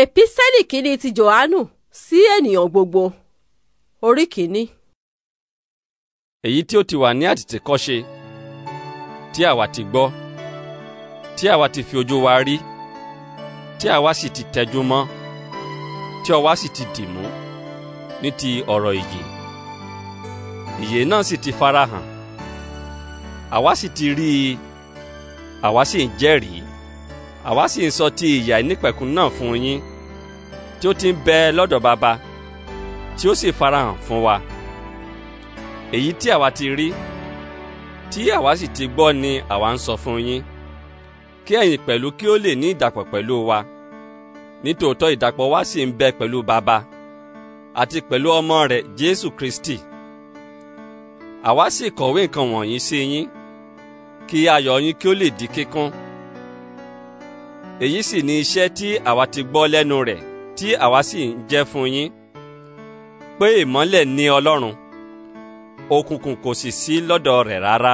èpísẹ́lì kìíní ti jòhánù sí ènìyàn gbogbo orí kìíní. èyí tí ó ti wà ní àtètèkọ́ṣe tí àwa ti gbọ́ tí àwa ti fi ojú wa rí tí àwa sì ti tẹjú mọ́ tí ọwa sì ti dì mú ní ti ọ̀rọ̀ ìyè ìyè náà sì ti farahàn àwa sì ti rí i àwa sì ń jẹ́rìí àwa sì ń sọ ti ìyà ìnípẹ̀kun náà fún yín tí ó ti ń bẹ lọ́dọ̀ bàbá tí ó sì farahàn fún wa èyí tí àwa ti rí tí àwa sì ti gbọ́ ni àwa ń sọ fún yín kí ẹ̀yin pẹ̀lú kí ó lè ní ìdàpọ̀ pẹ̀lú wa nítòótọ́ ìdàpọ̀ wa sì ń bẹ pẹ̀lú bàbá àti pẹ̀lú ọmọ rẹ̀ Jésù Kristi àwa sì kọ̀wé nǹkan wọ̀nyí sí yín kí ayọ̀ yín kí ó lè di kíkún èyí sì ni iṣẹ́ tí àwa ti gbọ́ lẹ́nu rẹ̀ tí àwa sì ń jẹ́ fún yín pé ìmọ́lẹ̀ ni Ọlọ́run òkùnkùn kò sì sí lọ́dọ̀ rẹ̀ rárá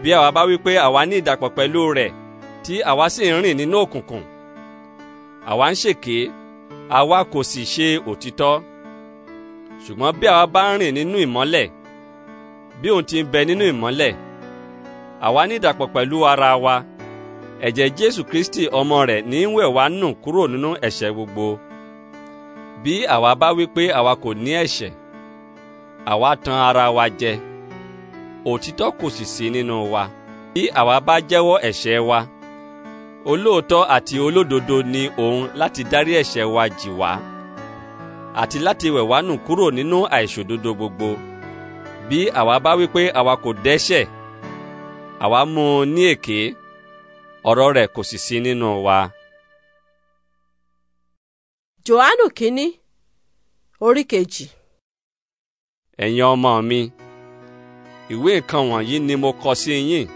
bí àwa bá wí pé àwa ní ìdàpọ̀ pẹ̀lú rẹ̀ tí àwa sì ń rìn nínú òkùnkùn àwa ń ṣèké àwa kò sì ṣe òtítọ́ ṣùgbọ́n bí àwa bá ń rìn nínú ìmọ́lẹ̀ bí òun ti ń bẹ nínú ìmọ́lẹ̀ àwa ní ìdàpọ̀ pẹ̀lú ara wa ẹ̀jẹ̀ jésù kristi ọmọ rẹ̀ ní ń wẹ̀ wá nù kúrò nínú ẹ̀ṣẹ̀ gbogbo bí àwa bá wí pé àwa kò ní ẹ̀ṣẹ̀ àwa tan ara wa jẹ òtítọ́ kò sì sí nínú wa bí àwa bá jẹ́wọ́ ẹ̀ṣẹ̀ wa olóòótọ́ àti olódodo ni òun láti dárí ẹ̀ṣẹ̀ wa jì wá àti láti wẹ̀ wá nù kúrò nínú àìṣòdodo gbogbo bí àwa bá wí pé àwa kò dẹ́ṣẹ̀ àwa mú un ní èké ọ̀rọ̀ rẹ̀ kò sì sí nínú wa. Jòhánù kínní orí kejì. ẹ̀yin ọmọ mi ìwé nǹkan wọ̀nyí ni mo kọ sí yín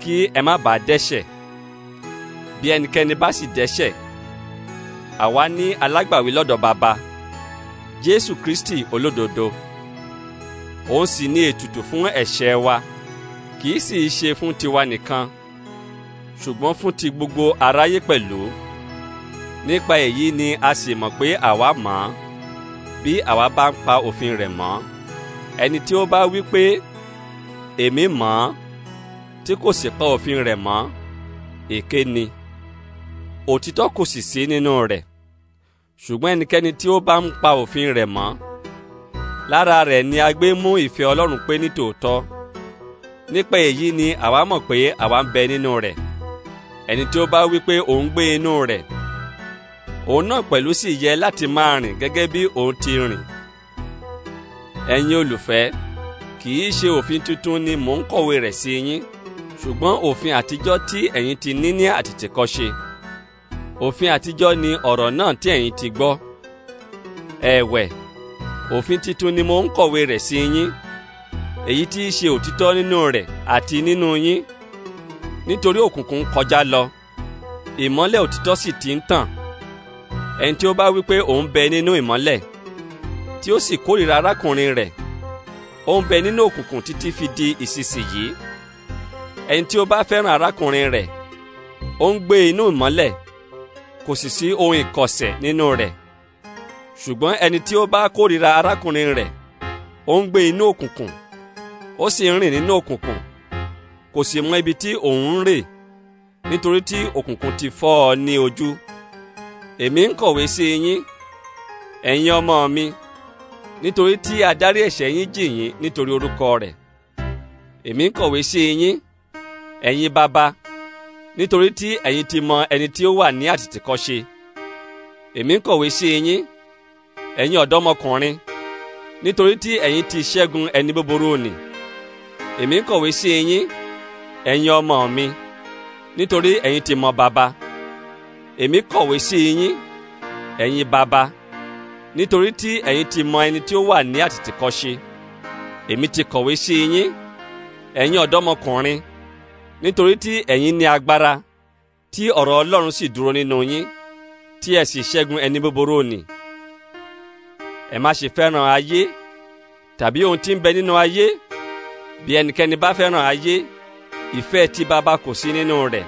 kí ẹ má bàa dẹ́ṣẹ̀ bí ẹnikẹ́ni bá sì dẹ́ṣẹ̀ àwa ní alágbàwí lọ́dọ̀ bàbá Jésù Kristi olódodo òun sì ní ètùtù fún ẹ̀ṣẹ̀ wa kì í sì í ṣe fún tiwa nìkan ṣùgbọ́n fún ti gbogbo aráyé pẹ̀lú nípa èyí ni a sì mọ̀ pé àwa mọ̀ bí àwa bá ń pa òfin rẹ̀ mọ́ ẹni tí ó bá wí pé èmi mọ̀ tí kò sì pa òfin rẹ̀ mọ́ èké ni òtítọ́ kò sì sí nínú rẹ̀ ṣùgbọ́n ẹnikẹ́ni tí ó bá ń pa òfin rẹ̀ mọ́ lára rẹ̀ ni a gbé mú ìfẹ́ Ọlọ́run pé nítòótọ́ nípa èyí ni àwa mọ̀ pé àwa ń bẹ nínú rẹ̀ ẹni tí ó bá wí pé òun gbé inú rẹ̀ òun náà pẹ̀lú sì yẹ láti máa rìn gẹ́gẹ́ bí òun ti rìn ẹ̀yin olùfẹ́ kì í ṣe òfin tuntun ni mò ń kọ̀wé rẹ̀ sí yín ṣùgbọ́n òfin àtijọ́ tí ẹ̀yin ti ní ní àtètèkọ́ṣe òfin àtijọ́ ni ọ̀rọ̀ náà tí ẹ̀yin ti gbọ́ ẹ̀wẹ̀ òfin titun ni mò ń kọ̀wé rẹ̀ sí yín èyí tí í ṣe òtítọ́ nínú rẹ̀ àti nínú yín nítorí òkùnkùn ń kọjá lọ ìmọ́lẹ̀ òtítọ́ sì ti ń tàn ẹni tí ó bá wí pé òun bẹ nínú ìmọ́lẹ̀ tí ó sì kórìíra arákùnrin rẹ̀ ó ń bẹ nínú òkùnkùn títí fi di ìsinsìnyí ẹni tí ó bá fẹ́ràn arákùnrin rẹ̀ ó ń gbé inú ìmọ́lẹ̀ kò sì sí ohun ìkọ̀sẹ̀ nínú rẹ̀ ṣùgbọ́n ẹni tí ó bá kórìíra arákùnrin rẹ̀ ó ń gbé inú òkùnkùn ó sì ń rìn nínú òkùnkùn kò sì mọ ibi tí òun ń rè nítorí tí òkùnkùn ti fọ́ ọ ní ojú èmi ń kọ̀wé sí yín ẹ̀yin ọmọ mi nítorí tí adarí ẹ̀ṣẹ̀ yín jì yín nítorí orúkọ rẹ̀ èmi ń kọ̀wé sí yín ẹ̀yin bàbá nítorí tí ẹ̀yin ti mọ ẹni tí ó wà ní àtìtìkọ́ṣe èmi ń kọ̀wé sí yín ẹ̀yin ọ̀dọ́mọkùnrin nítorí tí ẹ̀yin ti ṣẹ́gun ẹni búburú nì èmi ń kọ̀wé sí yín ẹ̀yin ọmọ mi nítorí ẹ̀yin ti mọ baba èmi kọ̀wé sí yín ẹ̀yin baba nítorí tí ẹ̀yin ti mọ ẹni tí ó wà ní àtìtìkọ́ṣe èmi ti kọ̀wé sí yín ẹ̀yin ọ̀dọ́mọkùnrin nítorí tí ẹ̀yin ní agbára tí ọ̀rọ̀ Ọlọ́run sì dúró nínú yín tí ẹ sì ṣẹ́gun ẹni búburú nì ẹ má ṣe fẹ́ràn ayé tàbí ohun tí ń bẹ nínú ayé bí ẹnikẹ́ni bá fẹ́ràn ayé ìfẹ́ ti baba kò sí nínú rẹ̀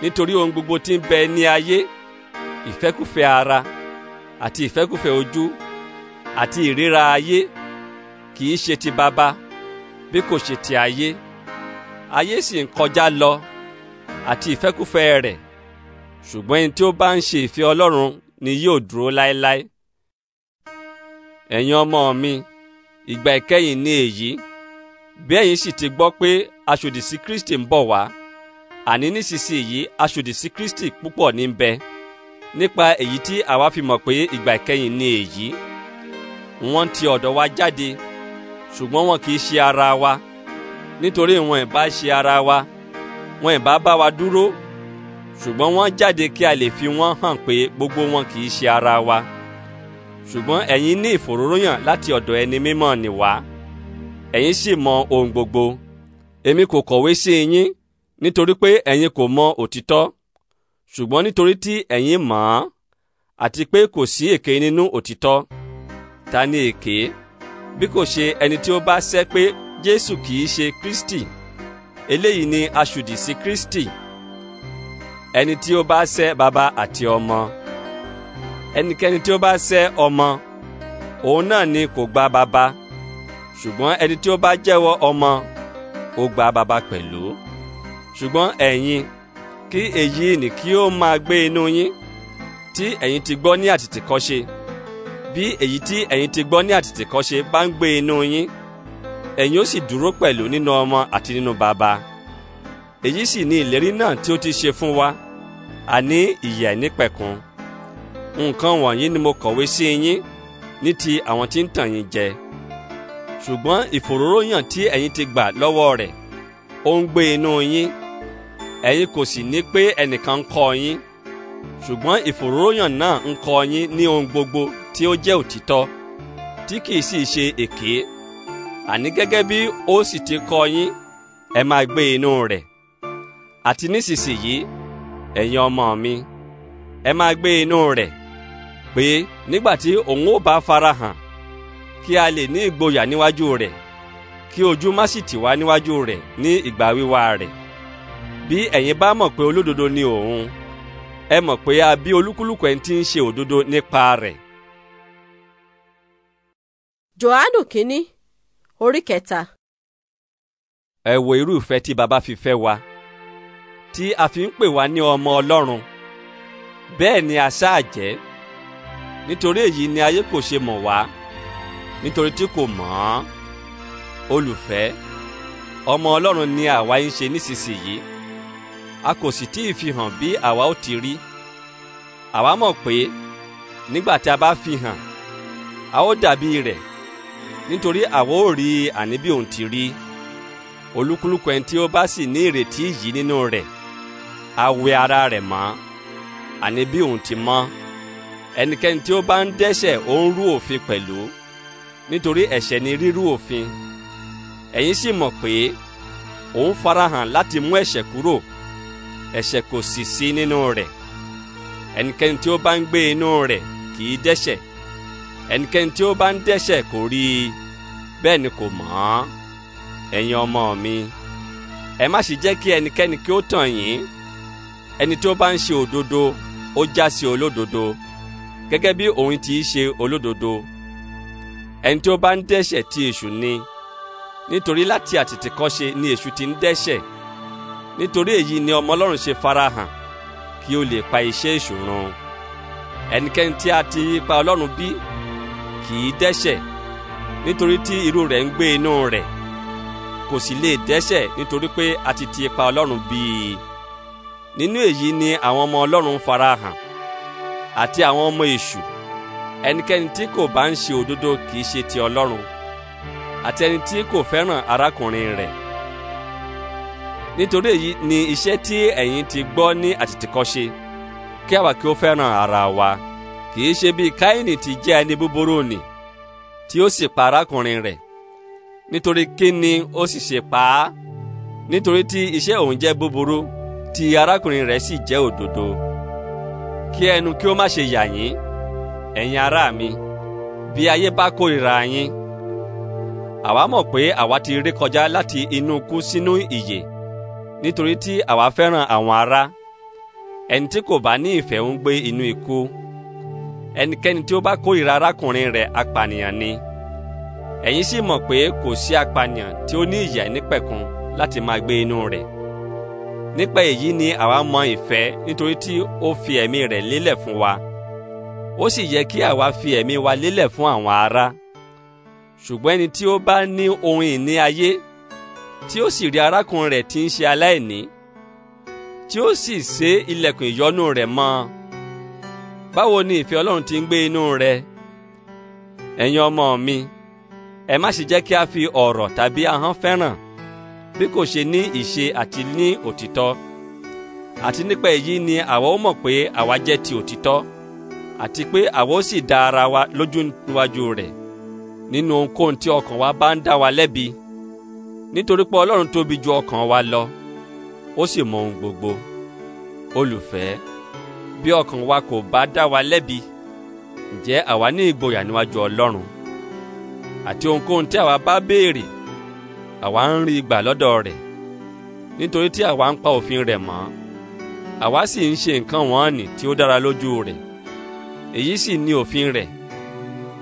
nítorí ohun gbogbo tí ń bẹ ní ayé ìfẹ́kùfẹ́ ara àti ìfẹ́kùfẹ́ ojú àti ìríra ayé kì í ṣe ti baba bí kò ṣe ti ayé ayé sì ń kọjá lọ àti ìfẹ́kùfẹ́ rẹ̀ ṣùgbọ́n ẹni tí ó bá ń ṣe ìfẹ́ Ọlọ́run ni yóò dúró láéláé ẹ̀yin ọmọ mi ìgbà ìkẹyìn ni èyí. E bí ẹ̀yin sì ti gbọ́ pé aṣòdì sí Kristi ń bọ̀ wá àní nísinsìnyí aṣòdì sí Kristi púpọ̀ ní bẹ nípa èyí tí àwa fi mọ̀ pé ìgbà ìkẹyìn ni èyí wọ́n ti ọ̀dọ̀ wa jáde ṣùgbọ́n wọn kì í ṣe ara wa nítorí wọn ìbá ṣe ara wa wọn ìbá bá wa dúró ṣùgbọ́n wọ́n jáde kí a lè fi wọ́n hàn pé gbogbo wọn kì í ṣe ara wa ṣùgbọ́n ẹ̀yin ní ìfòróróyàn láti ọ̀dọ̀ ẹni mímọ́ ni wá ẹ̀yin sì mọ ohun gbogbo èmi kò kọ̀wé sí yín nítorí pé ẹ̀yin kò mọ òtítọ́ ṣùgbọ́n nítorí tí ẹ̀yin mọ̀ ọ́n àti pé kò sí èké nínú òtítọ́ ta ni èké bí kò ṣe ẹni tí ó bá sẹ́ pé Jésù kì í ṣe Kristi eléyìí ni aṣùdì sí Kristi ẹni tí ó bá sẹ́ baba àti ọmọ ẹnikẹ́ni tí ó bá sẹ́ ọmọ òun náà ni kò gba baba ṣùgbọ́n ẹni tí ó bá jẹ́wọ́ ọmọ ó gba bàbá pẹ̀lú ṣùgbọ́n ẹ̀yin kí èyí nì kí ó máa gbé inú yín tí ẹ̀yin ti gbọ́ ní àtìtìkọ́ṣe bí èyí tí ẹ̀yin ti gbọ́ ní àtìtìkọ́ṣe bá ń gbé inú yín ẹ̀yin ó sì dúró pẹ̀lú nínú ọmọ àti nínú bàbá èyí sì ni ìlérí náà tí ó ti ṣe fún wa àní ìyè àìnípẹ̀kun nǹkan wọ̀nyí ni mo kọ̀wé sí yín ní ti àwọn tí ń tàn yín jẹ ṣùgbọ́n ìfòróróyàn tí ẹ̀yin ti gbà lọ́wọ́ rẹ̀ ó ń gbé inú yín ẹ̀yin kò sì ní pé ẹnìkan ń kọ́ yín ṣùgbọ́n ìfòróróyàn náà ń kọ́ yín ní ohun gbogbo tí ó jẹ́ òtítọ́ tí kìí sì ṣe èké àní gẹ́gẹ́ bí ó sì ti kọ́ yín ẹ máa gbé inú rẹ̀ àti nísinsìnyí ẹ̀yin ọmọ mi ẹ máa gbé inú rẹ̀ pé nígbà tí òun ó bá farahàn kí a lè ní ìgboyà níwájú rẹ̀ kí ojú má sì tì wá níwájú rẹ̀ ní ìgbà wíwá rẹ̀ bí ẹ̀yin bá mọ̀ pé olódodo ni òun ẹ mọ̀ pé a bí olúkúlùkù ẹni tí ń ṣe òdodo nípa rẹ̀. jòhánù kínní orí kẹta. ẹ wo irú ìfẹ́ tí baba fi fẹ́ wa tí a fi ń pè wá ní ọmọ ọlọ́run bẹ́ẹ̀ ni a ṣáà jẹ́ nítorí èyí ni ayé kò ṣe mọ̀ wá nítorí tí kò mọ̀ ọ́n olùfẹ́ ọmọ ọlọ́run ni àwa ń ṣe nísinsìnyí a kò sì tí ì fi hàn bí àwa ó ti rí àwa mọ̀ pé nígbà tí a bá fi hàn a ó dàbí rẹ̀ nítorí àwa ó rí àní bí òun ti rí olúkúlùkù ẹni tí ó bá sì ní ìrètí yìí nínú rẹ̀ a wẹ ara rẹ̀ mọ́ àní bí òun ti mọ́ ẹnikẹ́ni tí ó bá ń dẹ́ṣẹ̀ ó ń rú òfin pẹ̀lú nítorí ẹ̀ṣẹ̀ ni rírú òfin ẹ̀yin sì mọ̀ pé òun farahàn láti mú ẹ̀ṣẹ̀ kúrò ẹ̀ṣẹ̀ kò sì sí nínú rẹ̀ ẹnikẹ́ni tí ó bá ń gbé inú rẹ̀ kì í dẹ́ṣẹ̀ ẹnikẹ́ni tí ó bá ń dẹ́ṣẹ̀ kò rí i bẹ́ẹ̀ ni kò mọ̀ ọ́ ẹ̀yin ọmọ mi ẹ má sì jẹ́ kí ẹnikẹ́ni kí ó tàn yín ẹni tí ó bá ń ṣe òdodo ó já sí olódodo gẹ́gẹ́ bí òun ti ṣe olódodo ẹni tí ó bá ń dẹ́ṣẹ̀ ti èṣù ni nítorí láti àtètèkọ́ṣe ni èṣù ti ń dẹ́ṣẹ̀ nítorí èyí ni ọmọ ọlọ́run ṣe farahàn kí ó lè pa iṣẹ́ èṣù run ẹnikẹ́ni tí a ti ipa ọlọ́run bí kì í dẹ́ṣẹ̀ nítorí tí irú rẹ̀ ń gbé inú rẹ̀ kò sì lè dẹ́ṣẹ̀ nítorí pé a ti ti ipa ọlọ́run bí i nínú èyí ni àwọn ọmọ ọlọ́run farahàn àti àwọn ọmọ èṣù ẹnikẹ́ni tí kò bá ń ṣe òdodo kì í ṣe ti ọlọ́run àti ẹni tí kò fẹ́ràn arákùnrin rẹ̀ nítorí èyí ni iṣẹ́ tí ẹ̀yin ti gbọ́ ní àtètèkọ́ṣe kí àwa kí ó fẹ́ràn ara wa kì í ṣe bí káyìnì ti jẹ́ ẹni búburú nì tí ó sì pa arákùnrin rẹ̀ nítorí kí ni ó sì ṣe pa á nítorí tí iṣẹ́ òun jẹ́ búburú tí arákùnrin rẹ̀ sì jẹ́ òdodo kí ẹnu kí ó má ṣe yà yín ẹ̀yin ará mi bí ayé bá kórìíra yín àwa mọ̀ pé àwa ti ré kọjá láti inú kú sínú ìyè nítorí tí àwa fẹ́ràn àwọn ará ẹni tí kò bá ní ìfẹ́ ń gbé inú ikú ẹnikẹ́ni tí ó bá kórìíra arákùnrin rẹ̀ apànìyàn ni ẹ̀yin sì mọ̀ pé kò sí apànìyàn tí ó ní ìyà nípẹ̀kun láti máa gbé inú rẹ̀ nípa èyí ni àwa mọ ìfẹ́ nítorí tí ó fi ẹ̀mí rẹ̀ lélẹ̀ fún wa ó sì yẹ kí àwa fi ẹ̀mí wa lélẹ̀ fún àwọn ará ṣùgbọ́n ẹni tí ó bá ní ohun ìní ayé tí ó sì rí arákùnrin rẹ̀ tí ń ṣe aláìní tí ó sì ṣe ilẹ̀kùn ìyọ́nú rẹ̀ mọ́ báwo ni ìfẹ́ Ọlọ́run ti ń gbé inú rẹ ẹ̀yin ọmọ mi ẹ má ṣe jẹ́ kí a fi ọ̀rọ̀ tàbí ahọ́n fẹ́ràn bí kò ṣe ní ìṣe àti ní òtítọ́ àti nípa èyí ni àwa ó mọ̀ pé àwa jẹ́ ti òtítọ́ àti pé àwa ó sì dá ara wa lójú níwájú rẹ̀ nínú ohunkóhun tí ọkàn wa bá ń dá wa lẹ́bi nítorí pé ọlọ́run tóbi ju ọkàn wa lọ ó sì mọ ohun gbogbo olùfẹ́ bí ọkàn wa kò bá dá wa lẹ́bi ǹjẹ́ àwa ní ìgboyà níwájú ọlọ́run àti ohunkóhun tí àwa bá béèrè àwa ń rí gbà lọ́dọ̀ rẹ̀ nítorí tí àwa ń pa òfin rẹ̀ mọ́ àwa sì ń ṣe nǹkan wọ̀n-ọ́nì tí ó dára lójú rẹ̀ èyí sì ni òfin rẹ̀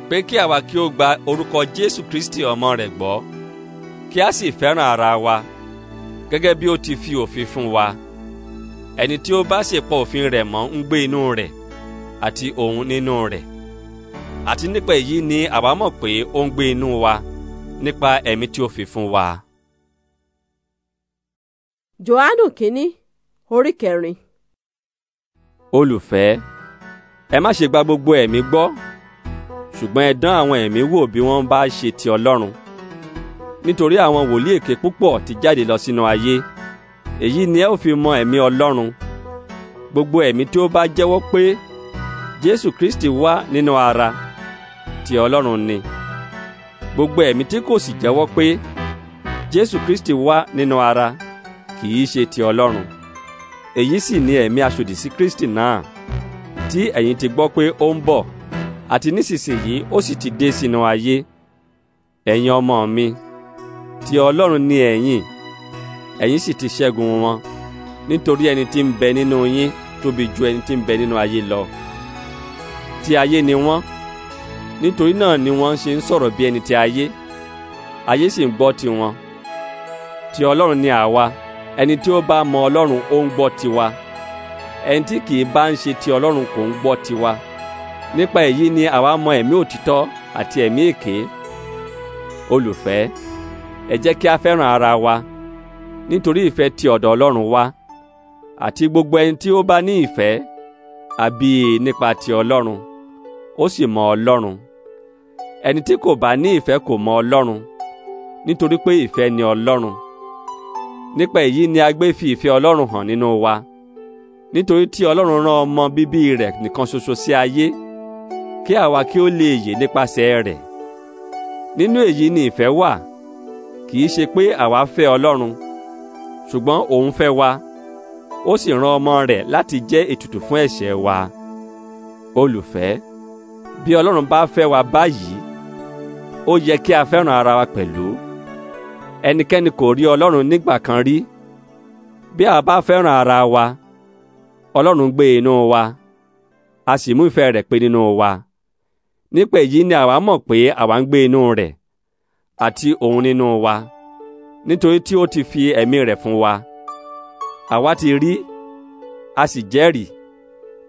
pé kí àwa kí ó gba orúkọ Jésù Kristi ọmọ rẹ̀ gbọ́ kí a sì fẹ́ràn ara wa gẹ́gẹ́ bí ó ti fi òfin fún wa ẹni tí ó bá sì pa òfin rẹ̀ mọ́ ń gbé inú rẹ̀ àti òun nínú rẹ̀ àti nípa èyí ni àwa mọ̀ pé ó ń gbé inú wa nípa ẹ̀mí tí ó fi fún wa. Jòhánù kínní orí kẹrin. olùfẹ́ ẹ má ṣe gba gbogbo ẹ̀mí gbọ́ ṣùgbọ́n ẹ dán àwọn ẹ̀mí wò bí wọ́n bá ṣe ti ọlọ́run nítorí àwọn wòlíì èké púpọ̀ ti jáde lọ sínú ayé èyí ni ẹ ó fi mọ ẹ̀mí ọlọ́run gbogbo ẹ̀mí tí ó bá jẹ́wọ́ pé jésù kristi wá nínú ara ti ọlọ́run ni gbogbo ẹ̀mí tí kò sì jẹ́wọ́ pé jésù kristi wá nínú ara kì í ṣe ti ọlọ́run èyí sì ni ẹ̀mí aṣòdì sí kristi náà tí ẹ̀yin ti gbọ́ pé ó ń bọ̀ àti nísinsìnyí ó sì ti dé sínú ayé ẹ̀yin ọmọ mi ti ọlọ́run ni ẹ̀yin ẹ̀yin sì ti ṣẹ́gun wọn nítorí ẹni tí ń bẹ nínú yín tóbi ju ẹni tí ń bẹ nínú ayé lọ ti ayé ni wọ́n nítorí náà ni wọ́n ṣe ń sọ̀rọ̀ bí ẹni ti ayé ayé sì ń gbọ́ tiwọn ti ọlọ́run ni àwa ẹni tí ó bá mọ ọlọ́run ó ń gbọ́ tiwa ẹni tí kì í bá ń ṣe ti ọlọ́run kò ń gbọ́ tiwa nípa èyí ni àwa mọ ẹ̀mí òtítọ́ àti ẹ̀mí èké olùfẹ́ ẹ jẹ́ kí a fẹ́ràn ara wa nítorí ìfẹ́ ti ọ̀dọ̀ ọlọ́run wá àti gbogbo ẹni tí ó bá ní ìfẹ́ àbí nípa ti ọlọ́run ó sì mọ ọlọ́run ẹni tí kò bá ní ìfẹ́ kò mọ ọlọ́run nítorí pé ìfẹ́ ni ọlọ́run nípa èyí ni a gbé fi ìfẹ́ ọlọ́run hàn nínú wa nítorí tí ọlọ́run rán ọmọ bíbí rẹ̀ nìkan ṣoṣo sí ayé kí àwa kí ó lè yè nípasẹ̀ rẹ̀ nínú èyí ni ìfẹ́ wà kì í ṣe pé àwa fẹ́ ọlọ́run ṣùgbọ́n òun fẹ́ wa ó sì rán ọmọ rẹ̀ láti jẹ́ ètùtù fún ẹ̀ṣẹ̀ wa olùfẹ́ bí ọlọ́run bá fẹ́ wa báyìí ó yẹ kí a fẹ́ràn ara wa pẹ̀lú ẹnikẹ́ni kò rí ọlọ́run nígbà kan rí bí a bá fẹ́ràn ara wa ọlọ́run gbé inú e wa a sì mú ìfẹ́ rẹ̀ pé nínú wa nípa èyí ni àwa mọ̀ pé àwa ń gbé inú rẹ̀ àti òun nínú wa nítorí tí ó ti fi ẹ̀mí rẹ̀ fún wa àwa ti rí a sì jẹ́rìí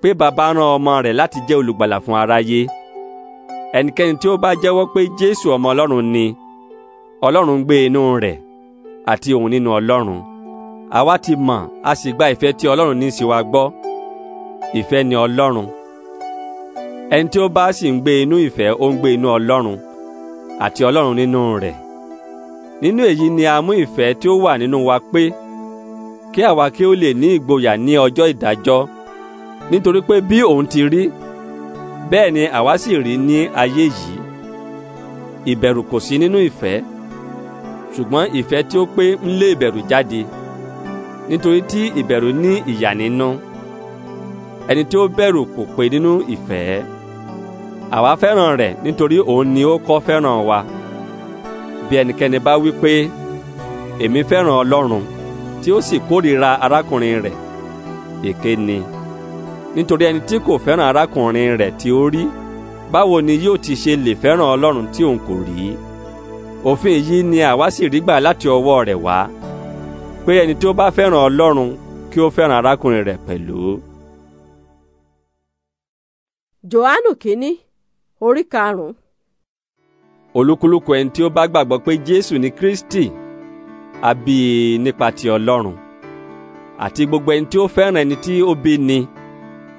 pé bàbá rán ọmọ rẹ̀ láti jẹ́ olùgbàlà fún aráyé ẹnikẹ́ni tí ó bá jẹ́wọ́ pé jésù ọmọ ọlọ́run ni ọlọ́run gbé inú rẹ̀ àti òun nínú ọlọ́run àwa ti mọ̀ a sì gba ìfẹ́ tí ọlọ́run ní sí wa gbọ́ ìfẹ́ ni ọlọ́run ẹni tí ó bá sì ń gbé inú ìfẹ́ ó ń gbé inú ọlọ́run àti ọlọ́run nínú rẹ̀ nínú èyí ni a mú ìfẹ́ tí ó wà nínú wa pé kí àwa kí ó lè ní ìgboyà ní ọjọ́ ìdájọ́ nítorí pé bí òun ti rí bẹ́ẹ̀ ni àwa sì rí ní ayé yìí ìbẹ̀rù kò sí nínú ìfẹ́ ṣùgbọ́n ìfẹ́ tí ó pé ń lé ìbẹ̀rù jáde nítorí tí ìbẹ̀rù ní ìyà nínú ẹni tí ó bẹ̀rù kò pé nínú ìfẹ́ àwa fẹ́ràn rẹ̀ nítorí òun ni ó kọ́ fẹ́ràn wa bí ẹnikẹ́ni bá wí pé èmi fẹ́ràn Ọlọ́run tí ó sì kórìíra arákùnrin rẹ̀ èké ni nítorí ẹni tí kò fẹ́ràn arákùnrin rẹ̀ tí ó rí báwo ni yóò ti ṣe lè fẹ́ràn Ọlọ́run tí òun kò rí òfin yìí ni àwa sì rí gbà láti ọwọ́ rẹ̀ wá pé ẹni tí ó bá fẹ́ràn Ọlọ́run kí ó fẹ́ràn arákùnrin rẹ̀ pẹ̀lú. Jòhánù kínní orí karùnún. olúkúlùkù ẹni tí ó bá gbàgbọ́ pé Jésù ni Kristi a bí i nípa ti Ọlọ́run àti gbogbo ẹni tí ó fẹ́ràn ẹni tí ó bí ni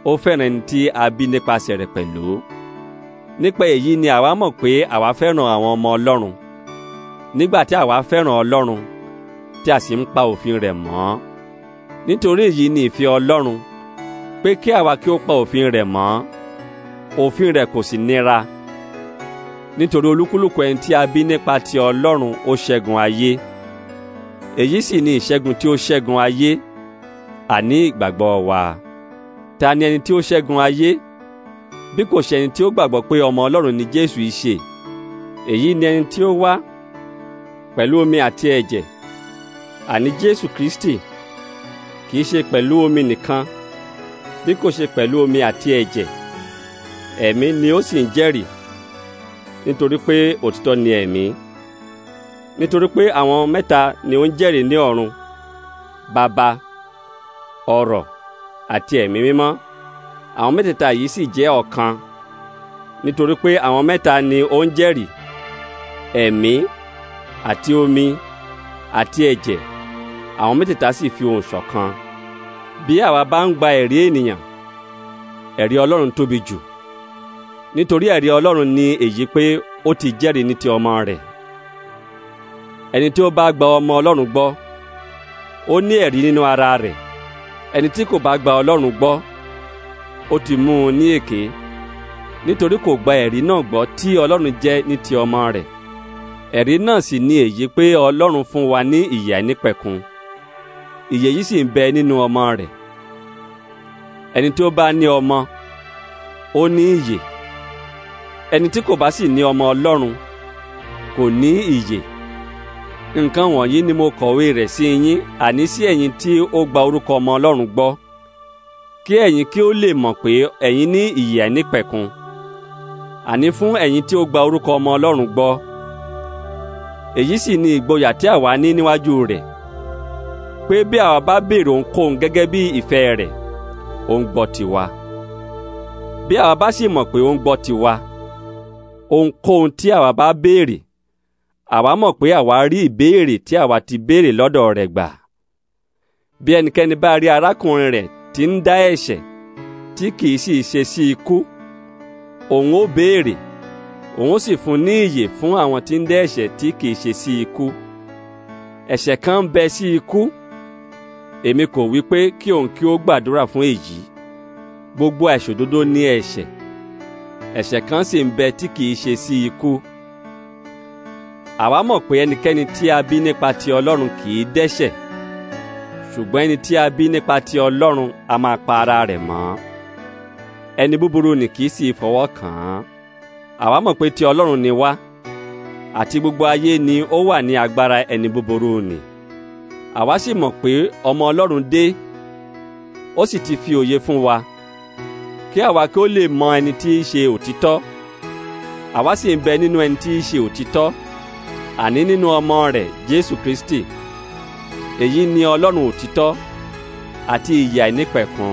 ó fẹ́ràn ẹni tí a bí nípasẹ̀ rẹ̀ pẹ̀lú nípa èyí ni àwa mọ̀ pé àwa fẹ́ràn àwọn ọmọ Ọlọ́run nígbà tí àwa fẹ́ràn Ọlọ́run tí a sì ń pa òfin rẹ̀ mọ́ nítorí èyí ni ìfẹ́ Ọlọ́run pé kí àwa kí ó pa òfin rẹ̀ mọ́ òfin rẹ̀ kò sì nira nítorí olúkúlùkù ẹni tí a bí nípa ti Ọlọ́run ó ṣẹ́gun ayé èyí sì ni ìṣẹ́gun tí ó ṣẹ́gun ayé àní ìgbàgbọ́ wa ta ni ẹni tí ó ṣẹ́gun ayé bí kò ṣe ẹni tí ó gbàgbọ́ pé ọmọ Ọlọ́run ni Jésù í ṣe èyí ni ẹni tí ó wá pẹ̀lú omi àti ẹ̀jẹ̀ àní Jésù Kristi kì í ṣe pẹ̀lú omi nìkan bí kò ṣe pẹ̀lú omi àti ẹ̀jẹ̀ ẹ̀mí ni ó sì ń jẹ́rìí nítorí pé òtítọ́ ni ẹ̀mí nítorí pé àwọn mẹ́ta ni ó ń jẹ́rìí ní ọ̀run bàbá ọ̀rọ̀ àti ẹ̀mí mímọ́ àwọn mẹ́tẹ̀ẹ̀ta yìí sì jẹ́ ọ̀kan nítorí pé àwọn mẹ́ta ni ó ń jẹ́rìí ẹ̀mí àti omi àti ẹ̀jẹ̀ àwọn mẹ́tẹ̀ẹ̀ta sì fi ohùn ṣọ̀kan bí àwa bá ń gba ẹ̀rí ènìyàn ẹ̀rí ọlọ́run tóbi jù nítorí ẹ̀rí ọlọ́run ni èyí pé ó ti jẹ́rìí ní ti ọmọ rẹ̀ ẹni tí ó bá gba ọmọ ọlọ́run gbọ́ ó ní ẹ̀rí nínú ara rẹ̀ ẹni tí kò bá gba ọlọ́run gbọ́ ó ti mú un ní èké nítorí kò gba ẹ̀rí náà gbọ́ tí ọlọ́run jẹ́ ní ti ọmọ rẹ̀ ẹ̀rí náà sì ni èyí pé ọlọ́run fún wa ní ìyè àìnípẹ̀kun ìyè yìí sì ń bẹ nínú ọmọ rẹ̀ ẹni tí ó bá ní ọmọ ó ní ìyè ẹni tí kò bá sì ní ọmọ ọlọ́run kò ní ìyè nǹkan wọ̀nyí ni mo kọ̀wé rẹ̀ sí yín àní sí ẹ̀yin tí ó gba orúkọ ọmọ ọlọ́run gbọ́ kí ẹ̀yin kí ó lè mọ̀ pé ẹ̀yin ní ìyè àìnípẹ̀kun àní fún ẹ̀yin tí ó gba orúkọ ọmọ ọlọ́run gbọ́ èyí sì ni ìgboyà tí àwa ní níwájú rẹ̀ pé bí àwa bá béèrè ohunkóhun gẹ́gẹ́ bí ìfẹ́ rẹ̀ ó ń gbọ́ tiwa bí àwa bá sì mọ̀ pé ó ń gbọ́ tiwa ohunkóhun tí àwa bá béèrè àwa mọ̀ pé àwa rí ìbéèrè tí àwa ti béèrè lọ́dọ̀ rẹ̀ gbà bí ẹnikẹ́ni bá rí arákùnrin rẹ̀ tí ń dá ẹ̀ṣẹ̀ tí kìí sì ṣe sí ikú òun ó béèrè òun ó sì fún ní ìyè fún àwọn tí ń dá ẹ̀ṣẹ̀ tí kìí ṣe sí ikú ẹ̀ṣẹ̀ kan ń bẹ sí ikú èmi kò wí pé kí òun kí ó gbàdúrà fún èyí gbogbo àìṣòdodo ní ẹ̀ṣẹ̀ ẹ̀ṣẹ̀ kan sì ń bẹ tí kì í ṣe sí ikú àwa mọ̀ pé ẹnikẹ́ni tí a bí nípa ti Ọlọ́run kì í dẹ́ṣẹ̀ ṣùgbọ́n ẹni tí a bí nípa ti Ọlọ́run a máa pa ara rẹ̀ mọ́ ẹni búburú ni kì í sì fọwọ́ kàn án àwa mọ̀ pé ti Ọlọ́run ni wá àti gbogbo ayé ni ó wà ní agbára ẹni búburú ni àwa sì mọ̀ pé ọmọ Ọlọ́run dé ó sì ti fi òye fún wa kí àwa kí ó lè mọ ẹni tí í ṣe òtítọ́ àwa sì ń bẹ nínú ẹni tí í ṣe òtítọ́ àní nínú ọmọ rẹ̀ Jésù Kristi èyí ni Ọlọ́run òtítọ́ àti ìyè àìnípẹ̀kun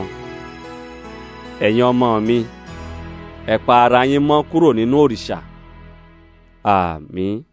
ẹ̀yin ọmọ mi ẹ pa ara yín mọ́ kúrò nínú òrìṣà àmín. Ah,